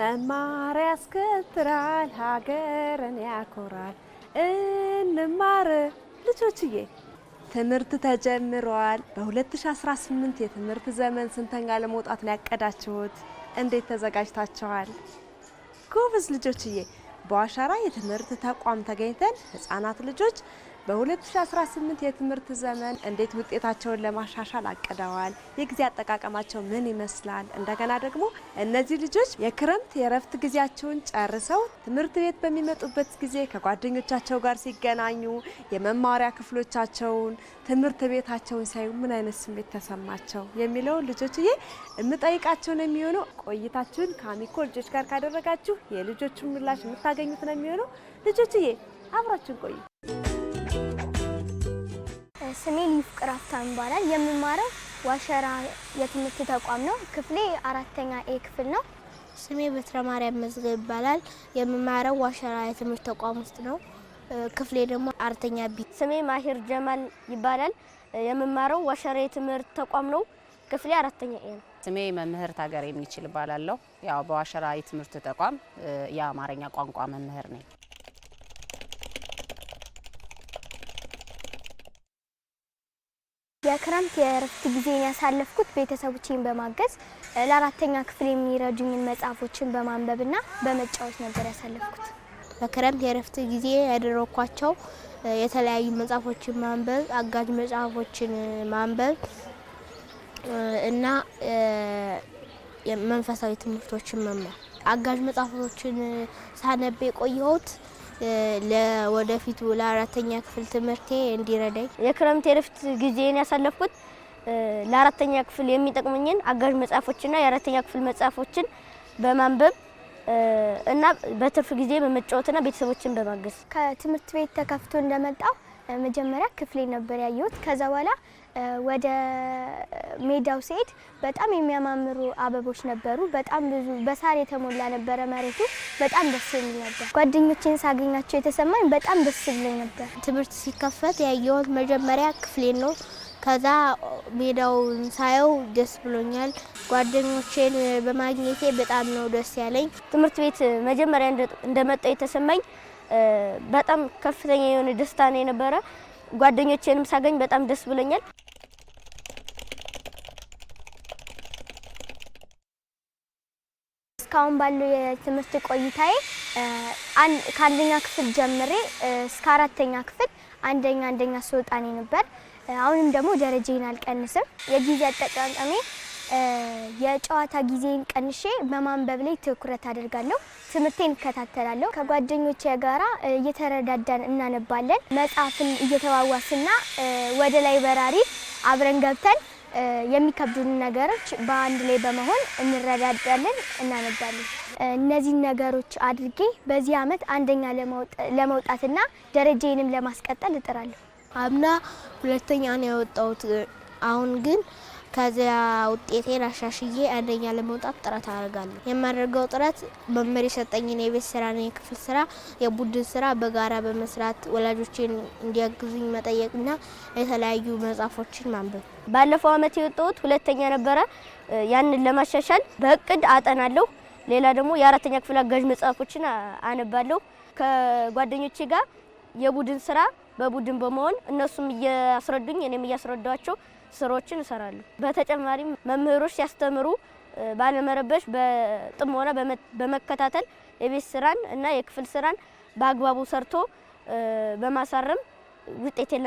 መማር ያስከትራል፣ ሀገርን ያኮራል። እንማር ልጆችዬ። ትምህርት ተጀምሯል። በ2018 የትምህርት ዘመን ስንተኛ ለመውጣት ነው ያቀዳችሁት? እንዴት ተዘጋጅታችኋል? ጎበዝ ልጆችዬ። በዋሻራ የትምህርት ተቋም ተገኝተን ህጻናት ልጆች በ2018 የትምህርት ዘመን እንዴት ውጤታቸውን ለማሻሻል አቅደዋል፣ የጊዜ አጠቃቀማቸው ምን ይመስላል፣ እንደገና ደግሞ እነዚህ ልጆች የክረምት የረፍት ጊዜያቸውን ጨርሰው ትምህርት ቤት በሚመጡበት ጊዜ ከጓደኞቻቸው ጋር ሲገናኙ የመማሪያ ክፍሎቻቸውን፣ ትምህርት ቤታቸውን ሳዩ ምን አይነት ስሜት ተሰማቸው የሚለውን ልጆችዬ የምጠይቃቸው ነው የሚሆነው። ቆይታችሁን ከአሚኮ ልጆች ጋር ካደረጋችሁ የልጆቹን ምላሽ የምታገኙት ነው የሚሆነው። ልጆችዬ አብራችን ቆዩ። ስሜ ሊፍቅር አፍታም ይባላል። የምማረው ዋሸራ የትምህርት ተቋም ነው። ክፍሌ አራተኛ ኤ ክፍል ነው። ስሜ በትረ ማርያም መዝገብ ይባላል። የምማረው ዋሸራ የትምህርት ተቋም ውስጥ ነው። ክፍሌ ደግሞ አራተኛ ቢ። ስሜ ማሂር ጀማል ይባላል። የምማረው ዋሸራ የትምህርት ተቋም ነው። ክፍሌ አራተኛ ኤ ነው። ስሜ መምህር ታገር የሚችል ይባላለሁ። ያው በዋሸራ የትምህርት ተቋም የአማርኛ ቋንቋ መምህር ነኝ። የክረምት የእረፍት ጊዜን ያሳለፍኩት ቤተሰቦቼን በማገዝ ለአራተኛ ክፍል የሚረዱኝን መጽሐፎችን በማንበብና በመጫወት ነበር ያሳለፍኩት። በክረምት የእረፍት ጊዜ ያደረኳቸው የተለያዩ መጽሐፎችን ማንበብ፣ አጋዥ መጽሐፎችን ማንበብ እና መንፈሳዊ ትምህርቶችን መማር። አጋዥ መጽሐፎችን ሳነብ የቆየሁት ለወደፊቱ ለአራተኛ ክፍል ትምህርቴ እንዲረዳኝ የክረምት የረፍት ጊዜን ያሳለፍኩት ለአራተኛ ክፍል የሚጠቅሙኝን አጋዥ መጽሐፎችና የአራተኛ ክፍል መጽሐፎችን በማንበብ እና በትርፍ ጊዜ በመጫወትና ቤተሰቦችን በማገዝ ከትምህርት ቤት ተከፍቶ እንደመጣው መጀመሪያ ክፍሌ ነበር ያየሁት። ከዛ በኋላ ወደ ሜዳው ሴት በጣም የሚያማምሩ አበቦች ነበሩ። በጣም ብዙ በሳር የተሞላ ነበረ መሬቱ። በጣም ደስ የሚል ነበር። ጓደኞቼን ሳገኛቸው የተሰማኝ በጣም ደስ ብሎኝ ነበር። ትምህርት ሲከፈት ያየሁት መጀመሪያ ክፍሌን ነው። ከዛ ሜዳውን ሳየው ደስ ብሎኛል። ጓደኞቼን በማግኘቴ በጣም ነው ደስ ያለኝ። ትምህርት ቤት መጀመሪያ እንደመጣው የተሰማኝ በጣም ከፍተኛ የሆነ ደስታ ነው የነበረ ጓደኞቼንም ሳገኝ በጣም ደስ ብሎኛል። እስካሁን ባለው የትምህርት ቆይታዬ ከአንደኛ ክፍል ጀምሬ እስከ አራተኛ ክፍል አንደኛ አንደኛ ስወጣኔ ነበር። አሁንም ደግሞ ደረጃዬን አልቀንስም። የጊዜ አጠቃቀሜ የጨዋታ ጊዜን ቀንሼ በማንበብ ላይ ትኩረት አድርጋለሁ ትምህርቴን እከታተላለሁ። ከጓደኞቼ ጋራ እየተረዳዳን እናነባለን። መጽሐፍን እየተዋዋስና ወደ ላይ በራሪ አብረን ገብተን የሚከብዱን ነገሮች በአንድ ላይ በመሆን እንረዳዳለን፣ እናነባለን። እነዚህን ነገሮች አድርጌ በዚህ ዓመት አንደኛ ለመውጣትና ደረጃዬንም ለማስቀጠል እጥራለሁ። አምና ሁለተኛ ነው ያወጣሁት። አሁን ግን ከዚያ ውጤቴን አሻሽዬ አንደኛ ለመውጣት ጥረት አደርጋለሁ። የማደርገው ጥረት መምህር የሰጠኝን የቤት ስራና የክፍል ስራ፣ የቡድን ስራ በጋራ በመስራት ወላጆችን እንዲያግዙኝ መጠየቅና የተለያዩ መጽሐፎችን ማንበብ። ባለፈው ዓመት የወጣሁት ሁለተኛ ነበረ። ያንን ለማሻሻል በእቅድ አጠናለሁ። ሌላ ደግሞ የአራተኛ ክፍል አጋዥ መጽሐፎችን አነባለሁ። ከጓደኞቼ ጋር የቡድን ስራ በቡድን በመሆን እነሱም እያስረዱኝ እኔም እያስረዳቸው ስራዎችን እሰራለሁ። በተጨማሪም መምህሮች ሲያስተምሩ ባለመረበሽ፣ በጥሞና በመከታተል የቤት ስራን እና የክፍል ስራን በአግባቡ ሰርቶ በማሳረም ውጤቴን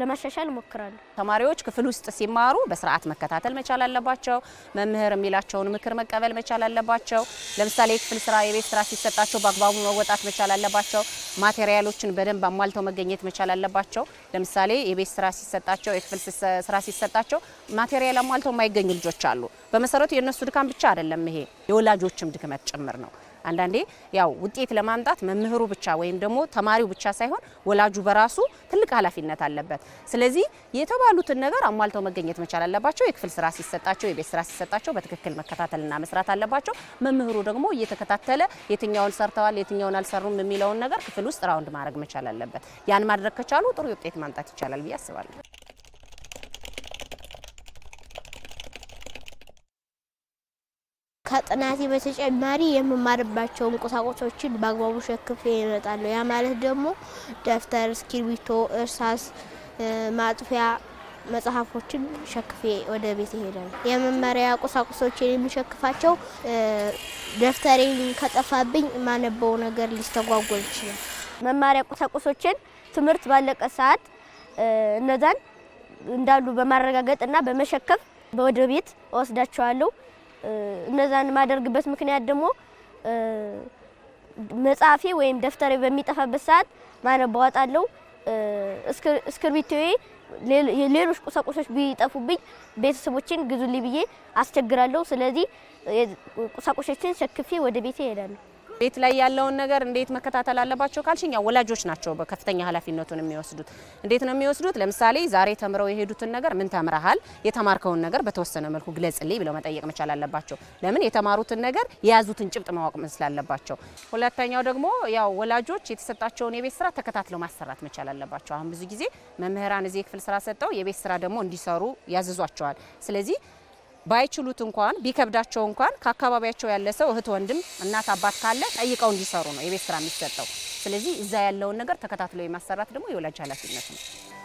ለማሻሻል እሞክራለሁ። ተማሪዎች ክፍል ውስጥ ሲማሩ በስርዓት መከታተል መቻል አለባቸው። መምህር የሚላቸውን ምክር መቀበል መቻል አለባቸው። ለምሳሌ የክፍል ስራ፣ የቤት ስራ ሲሰጣቸው በአግባቡ መወጣት መቻል አለባቸው። ማቴሪያሎችን በደንብ አሟልተው መገኘት መቻል አለባቸው። ለምሳሌ የቤት ስራ ሲሰጣቸው፣ የክፍል ስራ ሲሰጣቸው ማቴሪያል አሟልተው የማይገኙ ልጆች አሉ። በመሰረቱ የእነሱ ድካም ብቻ አይደለም፣ ይሄ የወላጆችም ድክመት ጭምር ነው። አንዳንዴ ያው ውጤት ለማምጣት መምህሩ ብቻ ወይም ደግሞ ተማሪው ብቻ ሳይሆን ወላጁ በራሱ ትልቅ ኃላፊነት አለበት። ስለዚህ የተባሉትን ነገር አሟልተው መገኘት መቻል አለባቸው። የክፍል ስራ ሲሰጣቸው፣ የቤት ስራ ሲሰጣቸው በትክክል መከታተልና መስራት አለባቸው። መምህሩ ደግሞ እየተከታተለ የትኛውን ሰርተዋል፣ የትኛውን አልሰሩም የሚለውን ነገር ክፍል ውስጥ ራውንድ ማድረግ መቻል አለበት። ያን ማድረግ ከቻሉ ጥሩ ውጤት ማምጣት ይቻላል ብዬ አስባለሁ። ከጥናቴ በተጨማሪ የምማርባቸውን ቁሳቁሶችን በአግባቡ ሸክፌ ይመጣለሁ። ያ ማለት ደግሞ ደብተር፣ እስክሪብቶ፣ እርሳስ፣ ማጥፊያ መጽሐፎችን ሸክፌ ወደ ቤት ይሄዳል። የመመሪያ ቁሳቁሶችን የሚሸክፋቸው ደብተሬን ከጠፋብኝ ማነበው ነገር ሊስተጓጎል ይችላል። መማሪያ ቁሳቁሶችን ትምህርት ባለቀ ሰዓት እነዛን እንዳሉ በማረጋገጥ እና በመሸከፍ ወደ ቤት ወስዳቸዋለሁ። እነዛን የማደርግበት ምክንያት ደግሞ መጽሐፌ ወይም ደብተሬ በሚጠፋበት ሰዓት ማነብ አወጣለሁ። እስክርቢቶዬ፣ ሌሎች ቁሳቁሶች ቢጠፉብኝ ቤተሰቦችን ግዙልኝ ብዬ አስቸግራለሁ። ስለዚህ ቁሳቁሶችን ሸክፌ ወደ ቤቴ እሄዳለሁ። ቤት ላይ ያለውን ነገር እንዴት መከታተል አለባቸው ካልሽኝ፣ ያው ወላጆች ናቸው በከፍተኛ ኃላፊነቱን የሚወስዱት። እንዴት ነው የሚወስዱት? ለምሳሌ ዛሬ ተምረው የሄዱትን ነገር ምን ተምረሃል፣ የተማርከውን ነገር በተወሰነ መልኩ ግለጽልኝ ብለው መጠየቅ መቻል አለባቸው። ለምን የተማሩትን ነገር የያዙትን ጭብጥ ማወቅ አለባቸው። ሁለተኛው ደግሞ ያው ወላጆች የተሰጣቸውን የቤት ስራ ተከታትለው ማሰራት መቻል አለባቸው። አሁን ብዙ ጊዜ መምህራን እዚህ የክፍል ስራ ሰጠው የቤት ስራ ደግሞ እንዲሰሩ ያዝዟቸዋል። ስለዚህ ባይችሉት እንኳን ቢከብዳቸው እንኳን ከአካባቢያቸው ያለ ሰው እህት፣ ወንድም፣ እናት፣ አባት ካለ ጠይቀው እንዲሰሩ ነው የቤት ስራ የሚሰጠው። ስለዚህ እዛ ያለውን ነገር ተከታትሎ የማሰራት ደግሞ የወላጅ ኃላፊነት ነው።